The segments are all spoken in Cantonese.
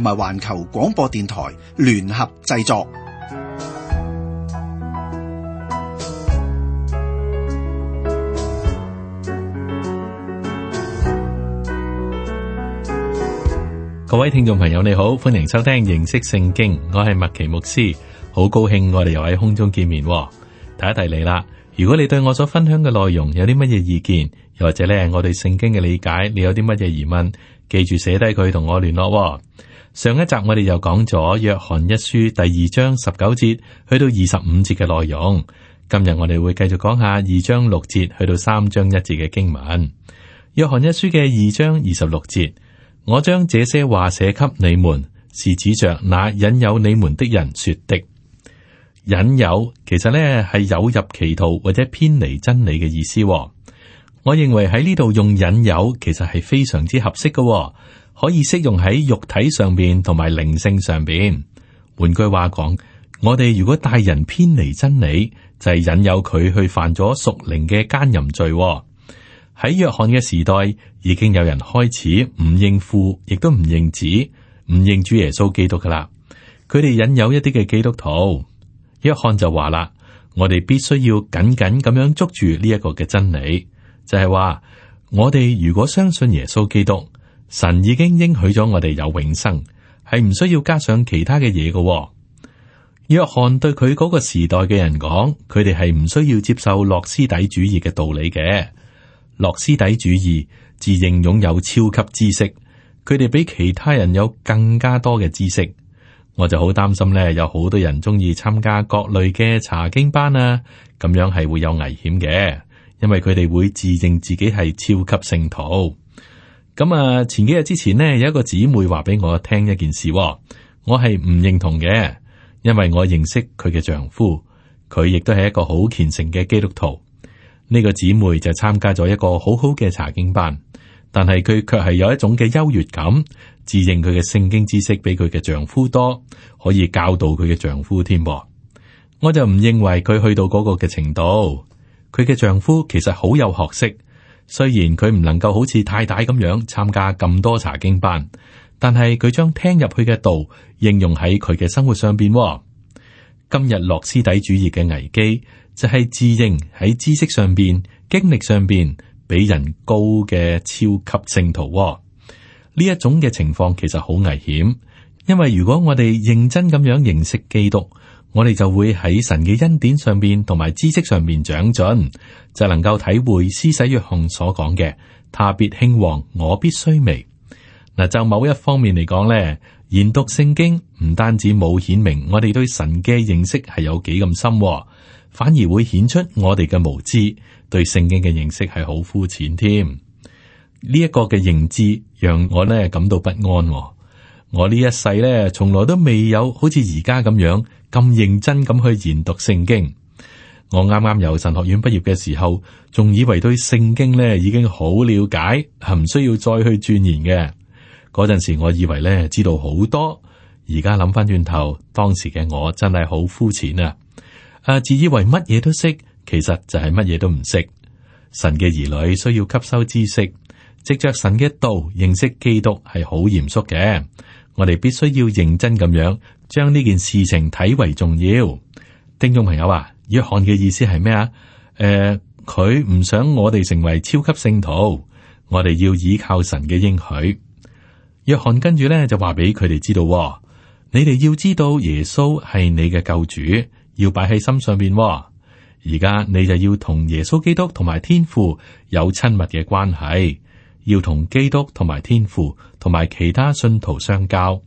同埋環球廣播電台聯合製作。各位聽眾朋友，你好，歡迎收聽認識聖經。我係麥奇牧師，好高興我哋又喺空中見面。提一提你啦，如果你對我所分享嘅內容有啲乜嘢意見，又或者咧我對聖經嘅理解，你有啲乜嘢疑問，記住寫低佢同我聯絡。上一集我哋又講咗《約翰一書》第二章十九節去到二十五節嘅內容。今日我哋會繼續講下二章六節去到三章一節嘅經文。《約翰一書》嘅二章二十六節，我將這些話寫給你們，是指着那引誘你們的人說的。引誘其實呢係誘入歧途或者偏離真理嘅意思、哦。我認為喺呢度用引誘其實係非常之合適嘅、哦。可以適用喺肉體上邊同埋靈性上邊。換句話講，我哋如果帶人偏離真理，就係、是、引誘佢去犯咗屬靈嘅姦淫罪、哦。喺約翰嘅時代，已經有人開始唔認父，亦都唔認子，唔認主耶穌基督噶啦。佢哋引誘一啲嘅基督徒，約翰就話啦：我哋必須要緊緊咁樣捉住呢一個嘅真理，就係、是、話我哋如果相信耶穌基督。神已經應許咗我哋有永生，係唔需要加上其他嘅嘢嘅。約翰對佢嗰個時代嘅人講，佢哋係唔需要接受諾斯底主義嘅道理嘅。諾斯底主義自認擁有超級知識，佢哋比其他人有更加多嘅知識。我就好擔心咧，有好多人中意參加各類嘅查經班啊，咁樣係會有危險嘅，因為佢哋會自認自己係超級聖徒。咁啊，前幾日之前呢，有一個姊妹話俾我聽一件事，我係唔認同嘅，因為我認識佢嘅丈夫，佢亦都係一個好虔誠嘅基督徒。呢個姊妹就參加咗一個好好嘅查經班，但係佢卻係有一種嘅優越感，自認佢嘅聖經知識比佢嘅丈夫多，可以教導佢嘅丈夫添。我就唔認為佢去到嗰個嘅程度，佢嘅丈夫其實好有學識。雖然佢唔能夠好似太太咁樣參加咁多查經班，但係佢將聽入去嘅道應用喺佢嘅生活上邊。今日洛斯底主義嘅危機就係自認喺知識上邊、經歷上邊比人高嘅超級聖徒。呢一種嘅情況，其實好危險。因為如果我哋認真咁樣認識基督。我哋就會喺神嘅恩典上邊同埋知識上面長進，就能夠體會施洗約翰所講嘅他必興旺，我必衰微。嗱，就某一方面嚟講咧，研讀聖經唔單止冇顯明我哋對神嘅認識係有幾咁深，反而會顯出我哋嘅無知，對聖經嘅認識係好膚淺添。呢一個嘅認知讓我咧感到不安。我呢一世咧從來都未有好似而家咁樣咁認真咁去研讀聖經，我啱啱由神學院畢業嘅時候，仲以為對聖經呢已經好了解，係唔需要再去鑽研嘅。嗰陣時我以為呢知道好多，而家諗翻轉頭，當時嘅我真係好膚淺啊！啊，自以為乜嘢都識，其實就係乜嘢都唔識。神嘅兒女需要吸收知識，藉着神嘅道認識基督係好嚴肅嘅。我哋必須要認真咁樣。將呢件事情睇為重要，聽眾朋友啊，約翰嘅意思係咩啊？誒、呃，佢唔想我哋成為超級聖徒，我哋要依靠神嘅應許。約翰跟住咧就話俾佢哋知道、哦，你哋要知道耶穌係你嘅救主，要擺喺心上邊、哦。而家你就要同耶穌基督同埋天父有親密嘅關係，要同基督同埋天父同埋其他信徒相交。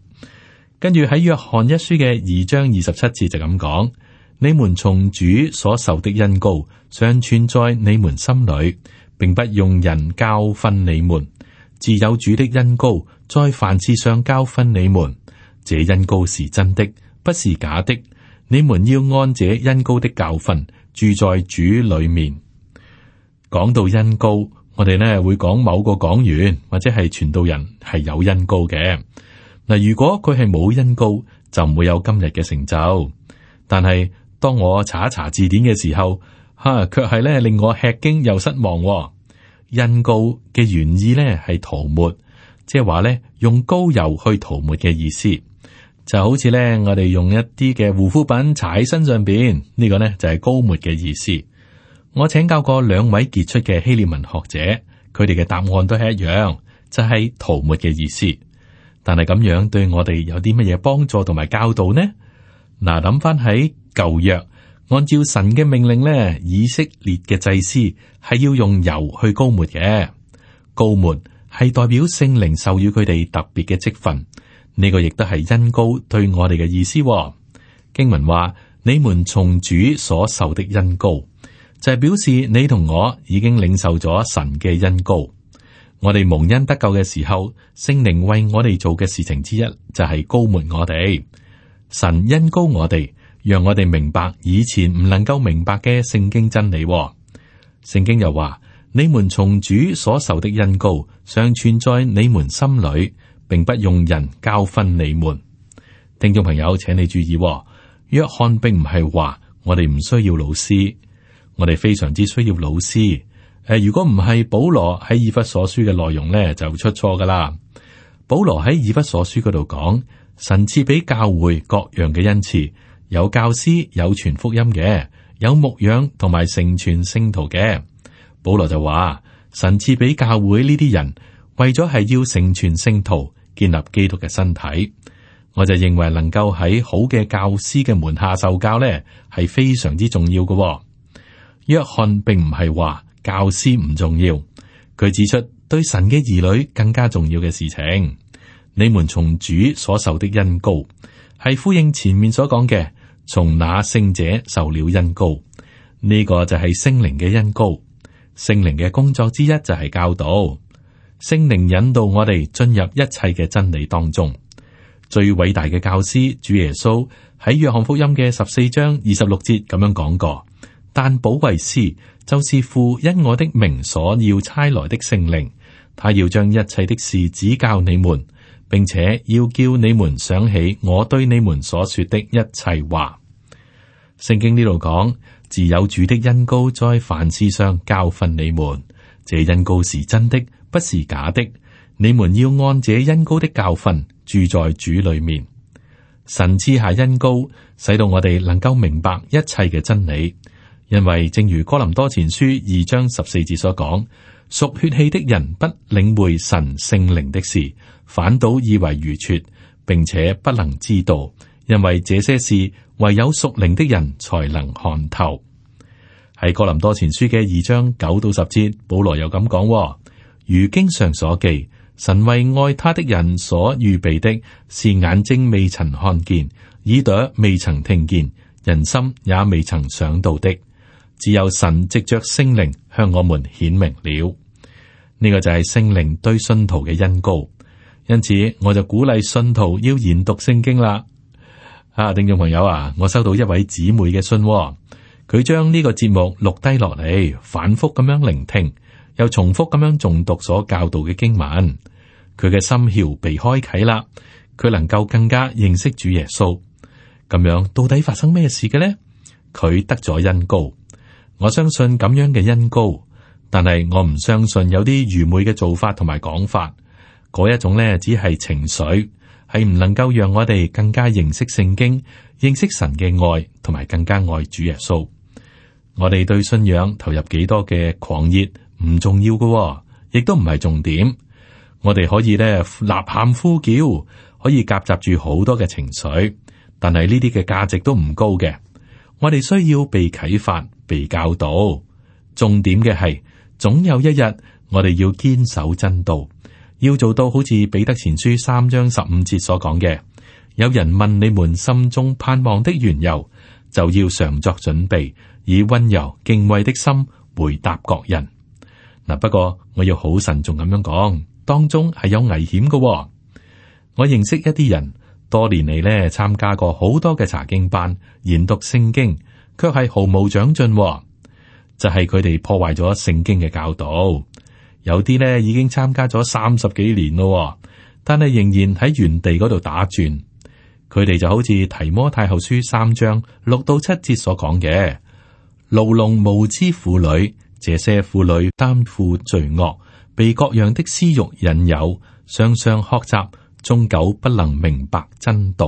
跟住喺約翰一書嘅二章二十七節就咁講：你們從主所受的恩膏常存在你們心裏，並不用人教訓你們，自有主的恩膏在凡事上教訓你們。這恩膏是真的，不是假的。你們要按這恩膏的教訓，住在主裏面。講到恩膏，我哋呢會講某個講員或者係傳道人係有恩膏嘅。嗱，如果佢係冇恩膏，就唔會有今日嘅成就。但係當我查一查字典嘅時候，哈、啊，卻係咧令我吃驚又失望，哦。恩膏嘅原意咧係塗抹，即係話咧用膏油去塗抹嘅意思，就好似咧我哋用一啲嘅護膚品搽喺身上邊，這個、呢個咧就係、是、膏抹嘅意思。我請教過兩位傑出嘅希臘文學者，佢哋嘅答案都係一樣，就係塗抹嘅意思。但係咁樣對我哋有啲乜嘢幫助同埋教導呢？嗱，諗翻喺舊約，按照神嘅命令咧，以色列嘅祭司係要用油去膏抹嘅，膏抹係代表聖靈授予佢哋特別嘅職分。呢、這個亦都係恩膏對我哋嘅意思。經文話：你們從主所受的恩膏，就係、是、表示你同我已經領受咗神嘅恩膏。我哋蒙恩得救嘅時候，聖靈為我哋做嘅事情之一就係、是、膏抹我哋。神恩膏我哋，讓我哋明白以前唔能夠明白嘅聖經真理、哦。聖經又話：你們從主所受的恩膏常存在你們心裏，並不用人教訓你們。聽眾朋友，請你注意、哦，約翰並唔係話我哋唔需要老師，我哋非常之需要老師。誒，如果唔係保羅喺《以弗所書》嘅內容呢，就出錯噶啦。保羅喺《以弗所書》嗰度講神賜俾教會各樣嘅恩賜，有教師，有傳福音嘅，有牧養同埋成全聖徒嘅。保羅就話神賜俾教會呢啲人為咗係要成全聖徒，建立基督嘅身體。我就認為能夠喺好嘅教師嘅門下受教呢，係非常之重要嘅哦。約翰並唔係話。教師唔重要。佢指出對神嘅兒女更加重要嘅事情。你們從主所受的恩膏，係呼應前面所講嘅，從那聖者受了恩膏」這，呢個就係聖靈嘅恩膏。聖靈嘅工作之一就係教導，聖靈引導我哋進入一切嘅真理當中。最偉大嘅教師主耶穌喺約翰福音嘅十四章二十六節咁樣講過。但保惠師就是父因我的名所要差來的聖靈，他要將一切的事指教你們，並且要叫你們想起我對你們所說的一切話。聖經呢度講，自有主的恩膏在凡事上教訓你們，這恩膏是真的，不是假的。你們要按這恩膏的教訓住在主裏面。神賜下恩膏，使到我哋能夠明白一切嘅真理。因為正如哥林多前書二章十四節所講，屬血氣的人不領會神聖靈的事，反倒以為愚拙，並且不能知道，因為這些事唯有屬靈的人才能看透。喺哥林多前書嘅二章九到十節，保羅又咁講：如經上所記，神為愛他的人所預備的，是眼睛未曾看見，耳朵未曾聽見，人心也未曾想到的。只有神藉着聖靈向我們顯明了，呢個就係聖靈對信徒嘅恩膏，因此我就鼓勵信徒要研讀聖經啦。啊，聽眾朋友啊，我收到一位姊妹嘅信喎，佢將呢個節目錄低落嚟，反覆咁樣聆聽，又重複咁樣誦讀所教導嘅經文，佢嘅心竅被開啟啦，佢能夠更加認識主耶穌。咁樣到底發生咩事嘅呢？佢得咗恩膏。我相信咁樣嘅因高，但係我唔相信有啲愚昧嘅做法同埋講法嗰一種咧，只係情緒係唔能夠讓我哋更加認識聖經，認識神嘅愛，同埋更加愛主耶穌。我哋對信仰投入幾多嘅狂熱唔重要嘅，哦，亦都唔係重點。我哋可以咧吶喊呼叫，可以夾雜住好多嘅情緒，但係呢啲嘅價值都唔高嘅。我哋需要被啟發。被教導，重點嘅係，總有一日我哋要堅守真道，要做到好似彼得前書三章十五節所講嘅，有人問你們心中盼望的緣由，就要常作準備，以温柔敬畏的心回答各人。嗱、啊，不過我要好慎重咁樣講，當中係有危險嘅、哦。我認識一啲人，多年嚟咧參加過好多嘅查經班，研讀聖經。卻係毫無長進、哦，就係佢哋破壞咗聖經嘅教導。有啲呢已經參加咗三十幾年咯，但係仍然喺原地嗰度打轉。佢哋就好似提摩太後書三章六到七節所講嘅，牢籠無知婦女，這些婦女擔負罪惡，被各樣的私欲引誘，常常學習，終久不能明白真道。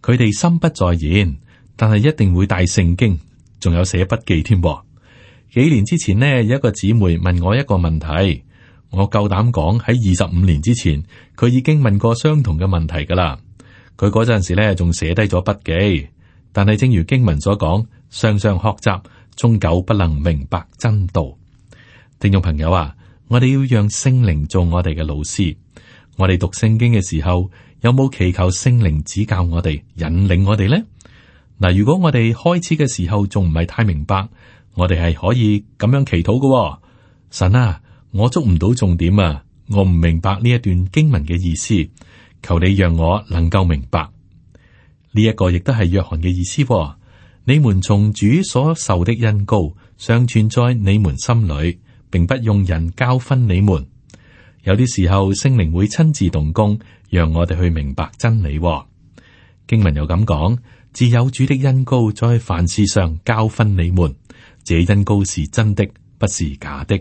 佢哋心不在焉。但係一定會帶聖經，仲有寫筆記添。幾年之前呢，有一個姊妹問我一個問題，我夠膽講，喺二十五年之前，佢已經問過相同嘅問題噶啦。佢嗰陣時呢，仲寫低咗筆記，但係正如經文所講，常常學習，終究不能明白真道。聽眾朋友啊，我哋要讓聖靈做我哋嘅老師。我哋讀聖經嘅時候，有冇祈求聖靈指教我哋、引領我哋呢？嗱，如果我哋開始嘅時候仲唔係太明白，我哋係可以咁樣祈禱嘅喎。神啊，我捉唔到重點啊，我唔明白呢一段經文嘅意思，求你讓我能夠明白呢一個，亦都係約翰嘅意思喎。你們從主所受的恩膏，常存在你們心裏，並不用人教訓你們。有啲時候，聖靈會親自動工，讓我哋去明白真理喎。經文又咁講。自有主的恩膏在凡事上教訓你們，這恩膏是真的，不是假的。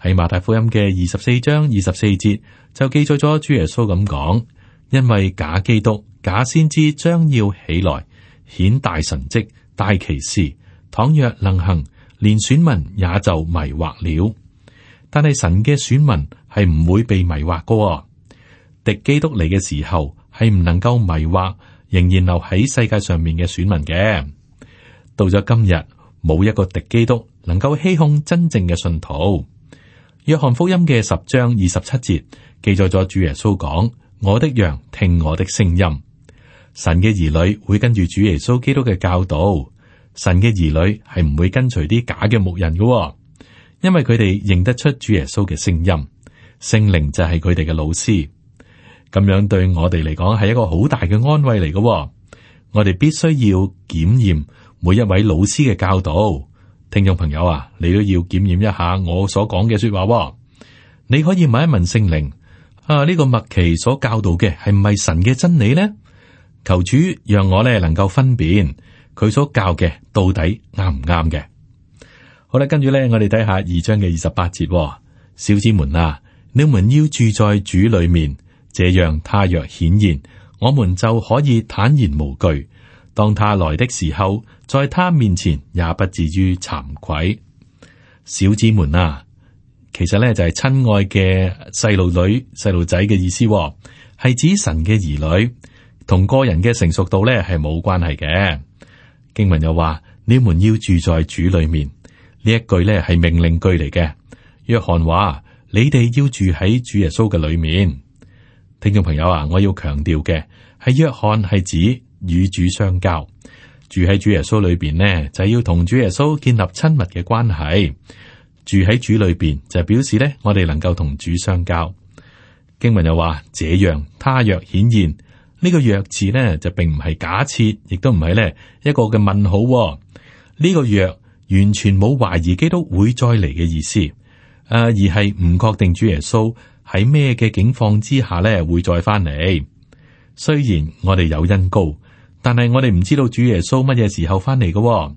喺馬太福音嘅二十四章二十四節就記載咗主耶穌咁講，因為假基督、假先知將要起來顯大神跡、大奇事，倘若能行，連選民也就迷惑了。但係神嘅選民係唔會被迷惑個，敵基督嚟嘅時候係唔能夠迷惑。仍然留喺世界上面嘅選民嘅，到咗今日，冇一個敵基督能夠欺哄真正嘅信徒。約翰福音嘅十章二十七節記載咗主耶穌講：我的羊聽我的聲音，神嘅兒女會跟住主耶穌基督嘅教導。神嘅兒女係唔會跟隨啲假嘅牧人嘅，因為佢哋認得出主耶穌嘅聲音，聖靈就係佢哋嘅老師。咁樣對我哋嚟講係一個好大嘅安慰嚟嘅喎。我哋必須要檢驗每一位老師嘅教導。聽眾朋友啊，你都要檢驗一下我所講嘅說話喎。你可以問一問聖靈啊，呢個麥奇所教導嘅係唔係神嘅真理呢？求主讓我咧能夠分辨佢所教嘅到底啱唔啱嘅。好啦，跟住咧，我哋睇下二章嘅二十八節喎，小子們啊，你們要住在主裏面。這樣他若顯現，我們就可以坦然無懼。當他來的時候，在他面前也不至於慚愧。小子們啊，其實咧就係親愛嘅細路女細路仔嘅意思，哦，係指神嘅兒女，同個人嘅成熟度咧係冇關係嘅。經文又話，你們要住在主裏面，呢一句咧係命令句嚟嘅。約翰話：你哋要住喺主耶穌嘅裏面。聽眾朋友啊，我要強調嘅係約翰係指與主相交，住喺主耶穌裏邊呢，就係要同主耶穌建立親密嘅關係。住喺主裏邊就表示咧，我哋能夠同主相交。經文又話，這樣他若顯現，呢、這個若字呢，就並唔係假設，亦都唔係咧一個嘅問號。呢、這個若完全冇懷疑基督會再嚟，嘅意思，誒而係唔確定主耶穌。喺咩嘅境況之下咧會再翻嚟？雖然我哋有恩膏，但係我哋唔知道主耶穌乜嘢時候翻嚟嘅。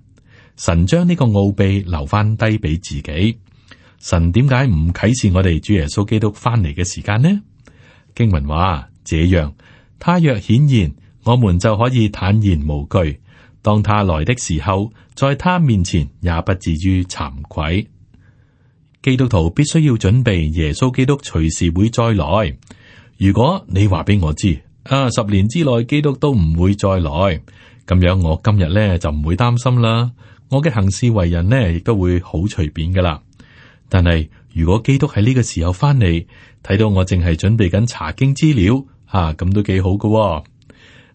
神將呢個奧秘留翻低俾自己。神點解唔啟示我哋主耶穌基督翻嚟嘅時間呢？經文話：這樣，他若顯現，我們就可以坦然無懼。當他來的時候，在他面前也不至於慚愧。基督徒必須要準備耶穌基督隨時會再來。如果你話俾我知，啊，十年之內基督都唔會再來，咁樣我今日咧就唔會擔心啦。我嘅行事為人呢亦都會好隨便噶啦。但係如果基督喺呢個時候翻嚟，睇到我淨係準備緊查經資料，吓、啊、咁都幾好噶、哦。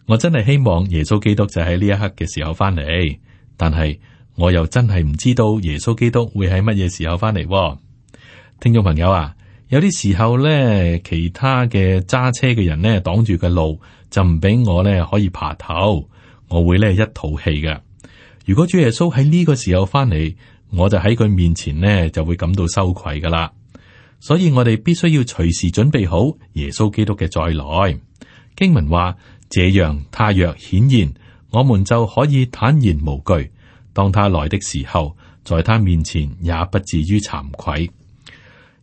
我真係希望耶穌基督就喺呢一刻嘅時候翻嚟，但係。我又真係唔知道耶穌基督會喺乜嘢時候翻嚟、啊，聽眾朋友啊，有啲時候咧，其他嘅揸車嘅人咧擋住嘅路就唔俾我咧可以爬頭，我會咧一肚氣嘅。如果主耶穌喺呢個時候翻嚟，我就喺佢面前咧就會感到羞愧噶啦。所以我哋必須要隨時準備好耶穌基督嘅再來。經文話，這樣他若顯現，我們就可以坦然無懼。當他來的時候，在他面前也不至於慚愧。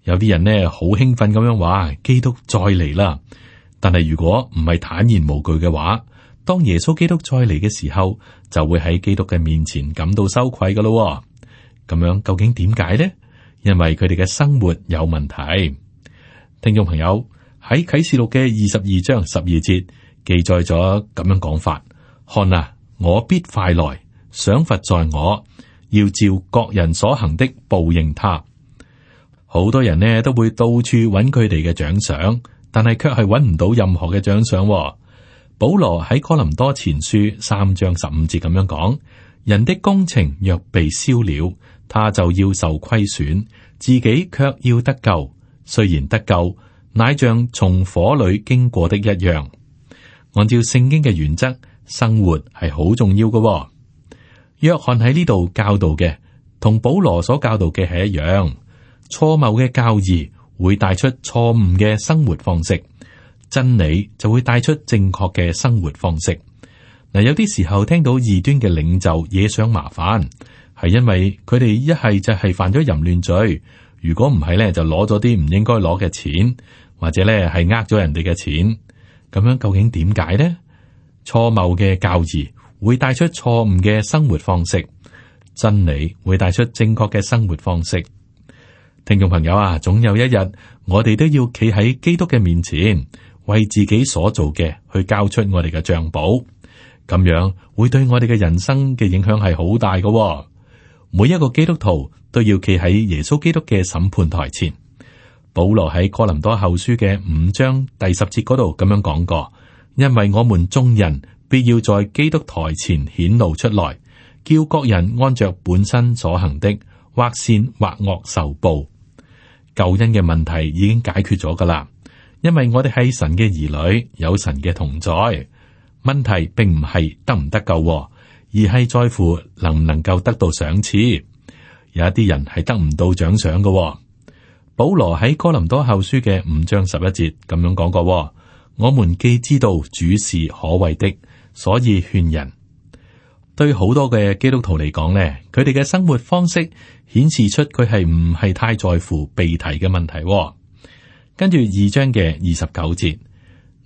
有啲人呢，好興奮咁樣話基督再嚟啦。但係如果唔係坦然無懼嘅話，當耶穌基督再嚟嘅時候，就會喺基督嘅面前感到羞愧㗎咯。咁樣究竟點解呢？因為佢哋嘅生活有問題。聽眾朋友，喺啟示錄嘅二十二章十二節記載咗咁樣講法：「看啊，我必快來。賞罰，在我要照各人所行的報應他。好多人呢，都會到處揾佢哋嘅獎賞，但係卻係揾唔到任何嘅獎賞。保羅喺哥林多前書三章十五節咁樣講：人的工程若被燒了，他就要受虧損，自己卻要得救。雖然得救，乃像從火裏經過的一樣。按照聖經嘅原則，生活係好重要嘅哦。約翰喺呢度教導嘅，同保羅所教導嘅係一樣。錯謬嘅教義會帶出錯誤嘅生活方式，真理就會帶出正確嘅生活方式。嗱，有啲時候聽到異端嘅領袖惹上麻煩，係因為佢哋一係就係犯咗淫亂罪，如果唔係咧就攞咗啲唔應該攞嘅錢，或者咧係呃咗人哋嘅錢。咁樣究竟點解呢？錯謬嘅教義。會帶出錯誤嘅生活方式，真理會帶出正確嘅生活方式。聽眾朋友啊，總有一日我哋都要企喺基督嘅面前，為自己所做嘅去交出我哋嘅賬簿。咁樣會對我哋嘅人生嘅影響係好大嘅哦。每一個基督徒都要企喺耶穌基督嘅審判台前。保羅喺哥林多後書嘅五章第十節嗰度咁樣講過，因為我們眾人。必要在基督台前顯露出來，叫各人按着本身所行的，或善或惡，受報。救恩嘅問題已經解決咗噶啦，因為我哋係神嘅兒女，有神嘅同在。問題並唔係得唔得救，而係在乎能唔能夠得到賞賜。有一啲人係得唔到獎賞嘅。保羅喺哥林多後書嘅五章十一節咁樣講過：我們既知道主是可畏的。.所以勸人，對好多嘅基督徒嚟講呢，佢哋嘅生活方式顯示出佢係唔係太在乎被提嘅問題。跟住二章嘅二十九節，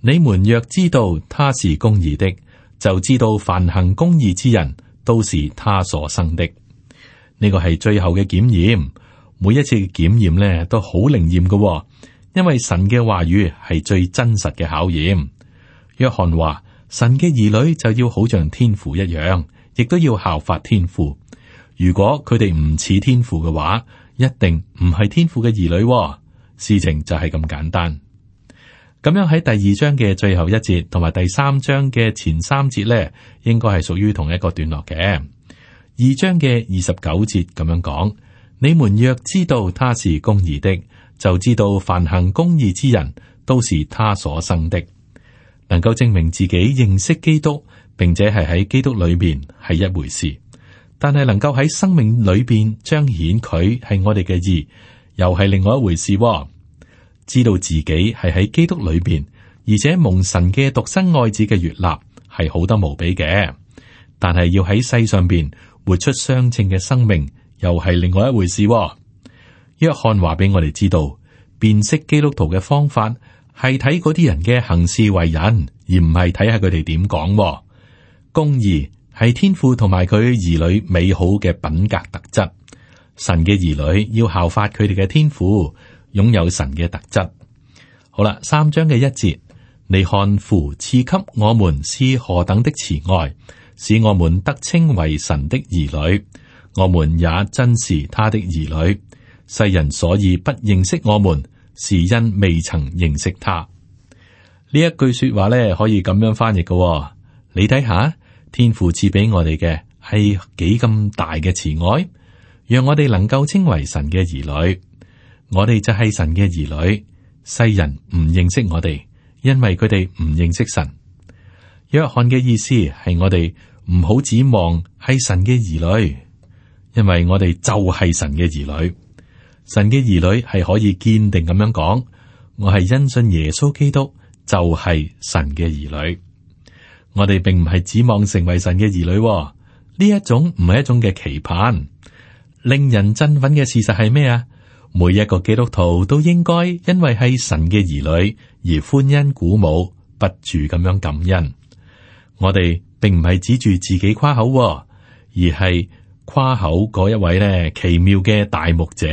你們若知道他是公義的，就知道凡行公義之人都是他所生的。呢個係最後嘅檢驗，每一次嘅檢驗呢都好靈驗嘅，因為神嘅話語係最真實嘅考驗。約翰話。神嘅兒女就要好像天父一樣，亦都要效法天父。如果佢哋唔似天父嘅話，一定唔係天父嘅兒女喎。事情就係咁簡單。咁樣喺第二章嘅最後一節，同埋第三章嘅前三節呢，應該係屬於同一個段落嘅。二章嘅二十九節咁樣講：你們若知道他是公義的，就知道凡行公義之人都是他所生的。能夠證明自己認識基督，並且係喺基督裏面係一回事，但係能夠喺生命裏邊彰顯佢係我哋嘅義，又係另外一回事，哦。知道自己係喺基督裏邊，而且蒙神嘅獨生愛子嘅悅納，係好得無比嘅。但係要喺世上邊活出相稱嘅生命，又係另外一回事，哦。約翰話俾我哋知道，辨識基督徒嘅方法。係睇嗰啲人嘅行事為人，而唔係睇下佢哋點講。公義係天父同埋佢兒女美好嘅品格特質。神嘅兒女要效法佢哋嘅天父，擁有神嘅特質。好啦，三章嘅一節，你看父「賜給我們是何等的慈愛，使我們得稱為神的兒女，我們也真是他的兒女。世人所以不認識我們，是因未曾認識他。呢一句說話咧，可以咁樣翻譯㗎喎。你睇下，天父賜俾我哋嘅，係幾咁大嘅慈愛，讓我哋能夠稱為神嘅兒女。我哋就係神嘅兒女。世人唔認識我哋，因為佢哋唔認識神。約翰嘅意思係我哋唔好指望係神嘅兒女，因為我哋就係神嘅兒女。神嘅兒女係可以堅定咁樣講，我係因信耶穌基督就係神嘅兒女。我哋並唔係指望成為神嘅兒女，呢一種唔係一種嘅期盼。令人振奮嘅事實係咩啊？每一個基督徒都應該因為係神嘅兒女而歡欣鼓舞，不住咁樣感恩。我哋並唔係指住自己誇口，而係誇口嗰一位呢奇妙嘅大牧者。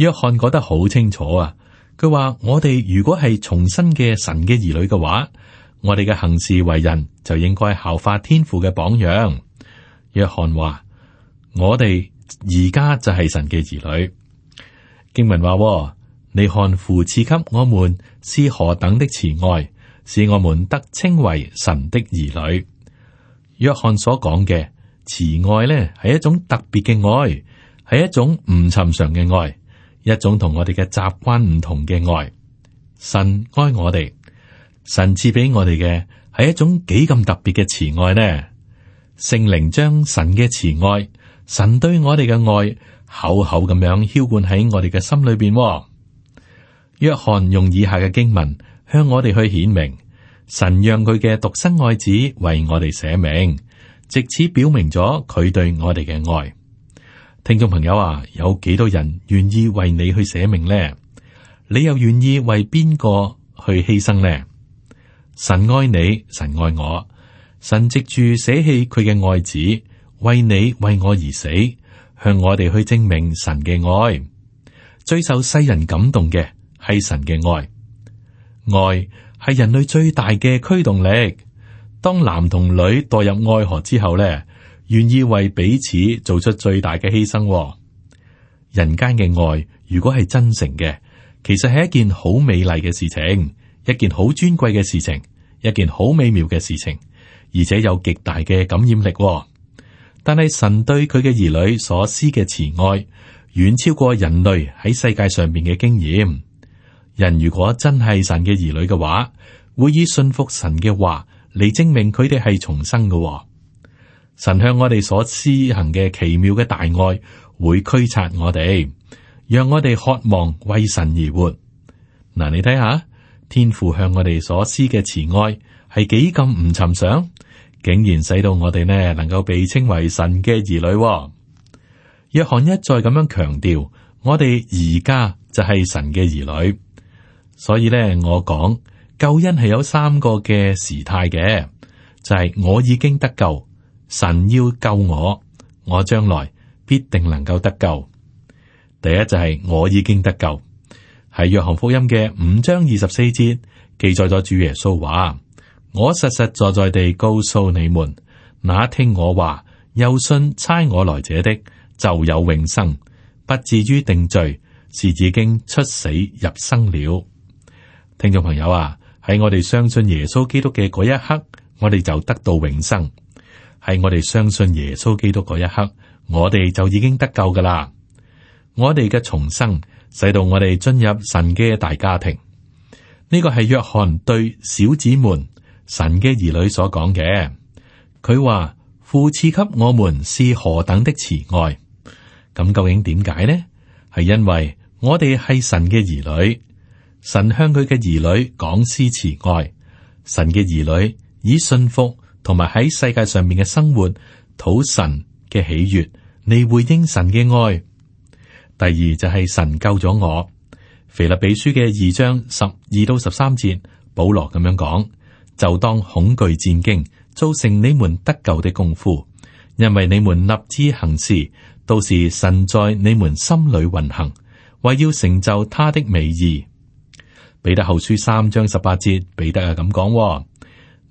約翰講得好清楚啊，佢話我哋如果係重生嘅神嘅兒女嘅話，我哋嘅行事為人就應該效法天父嘅榜樣。約翰話我哋而家就係神嘅兒女。經文話，你看父賜給我們是何等的慈愛，使我們得稱為神的兒女。約翰所講嘅慈愛咧，係一種特別嘅愛，係一種唔尋常嘅愛。一種同我哋嘅習慣唔同嘅愛，神愛我哋，神賜俾我哋嘅係一種幾咁特別嘅慈愛呢？聖靈將神嘅慈愛，神對我哋嘅愛，厚厚咁樣澆灌喺我哋嘅心裏邊。約翰用以下嘅經文向我哋去顯明，神讓佢嘅獨生愛子為我哋寫名，借此表明咗佢對我哋嘅愛。聽眾朋友啊，有幾多人願意為你去捨命咧？你又願意為邊個去犧牲咧？神愛你，神愛我，神藉住捨棄佢嘅愛子，為你為我而死，向我哋去證明神嘅愛。最受世人感動嘅係神嘅愛，愛係人類最大嘅驅動力。當男同女墮入愛河之後咧。願意為彼此做出最大嘅犧牲喎。人間嘅愛如果係真誠嘅，其實係一件好美麗嘅事情，一件好尊貴嘅事情，一件好美妙嘅事情，而且有極大嘅感染力喎。但係神對佢嘅兒女所施嘅慈愛，遠超過人類喺世界上面嘅經驗。人如果真係神嘅兒女嘅話，會以信服神嘅話嚟證明佢哋係重生嘅喎。神向我哋所施行嘅奇妙嘅大愛，會驅察我哋，讓我哋渴望為神而活。嗱、啊，你睇下天父向我哋所施嘅慈愛係幾咁唔尋常，竟然使到我哋呢能夠被稱為神嘅兒女。約翰一再咁樣強調，我哋而家就係神嘅兒女，所以呢，我講救恩係有三個嘅時態嘅，就係、是、我已經得救。神要救我，我將來必定能夠得救。第一就係、是、我已經得救，喺約翰福音嘅五章二十四節記載咗主耶穌話：我實實在在地告訴你們，那聽我話又信差我來者的就有永生，不至於定罪，是已經出死入生了。聽眾朋友啊，喺我哋相信耶穌基督嘅嗰一刻，我哋就得到永生。喺我哋相信耶穌基督嗰一刻，我哋就已經得救噶啦。我哋嘅重生，使到我哋進入神嘅大家庭。呢、這個係約翰對小子們、神嘅兒女所講嘅。佢話父賜給我們是何等的慈愛。咁究竟點解呢？係因為我哋係神嘅兒女，神向佢嘅兒女講施慈愛，神嘅兒女以信服。同埋喺世界上面嘅生活討神嘅喜悅，你回應神嘅愛。第二就係神救咗我。腓立比書嘅二章十二到十三節，保羅咁樣講，就當恐懼戰兢造成你們得救的功夫，因為你們立志行事都是神在你們心裏運行，為要成就他的美意。彼得後書三章十八節，彼得啊咁講、哦。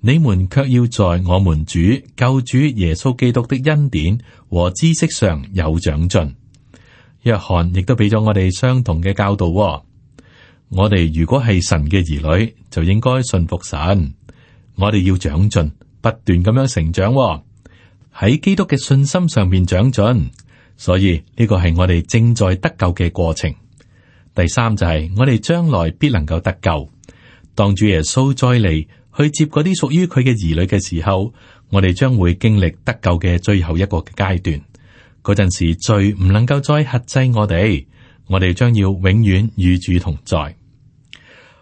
你們卻要在我們主、救主耶穌基督的恩典和知識上有長進。約翰亦都俾咗我哋相同嘅教導。我哋如果係神嘅兒女，就應該信服神。我哋要長進，不斷咁樣成長喺基督嘅信心上面長進。所以呢個係我哋正在得救嘅過程。第三就係、是、我哋將來必能夠得救。當主耶穌再嚟。去接嗰啲屬於佢嘅兒女嘅時候，我哋將會經歷得救嘅最後一個階段。嗰陣時罪唔能夠再克制我哋，我哋將要永遠與主同在。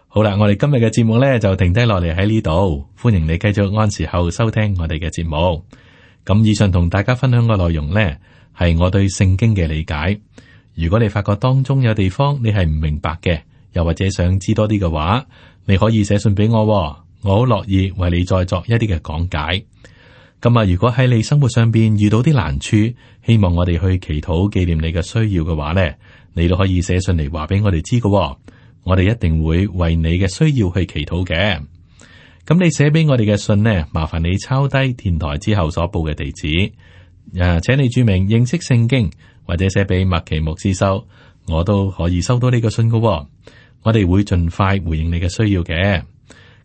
好啦，我哋今日嘅節目咧就停低落嚟喺呢度。歡迎你繼續按時候收聽我哋嘅節目。咁以上同大家分享嘅內容咧係我對聖經嘅理解。如果你發覺當中有地方你係唔明白嘅，又或者想知多啲嘅話，你可以寫信俾我哦。我好樂意為你再作一啲嘅講解。咁啊，如果喺你生活上邊遇到啲難處，希望我哋去祈禱紀念你嘅需要嘅話呢，你都可以寫信嚟，話俾我哋知嘅。我哋一定會為你嘅需要去祈禱嘅。咁你寫俾我哋嘅信呢，麻煩你抄低電台之後所報嘅地址。誒，請你注明認識聖經或者寫俾麥奇牧師收，我都可以收到呢個信嘅。我哋會盡快回應你嘅需要嘅。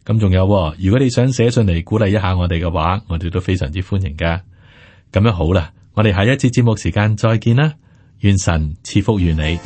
咁仲有，如果你想寫信嚟鼓勵一下我哋嘅話，我哋都非常之歡迎噶。咁樣好啦，我哋下一次節目時間再見啦，願神賜福於你。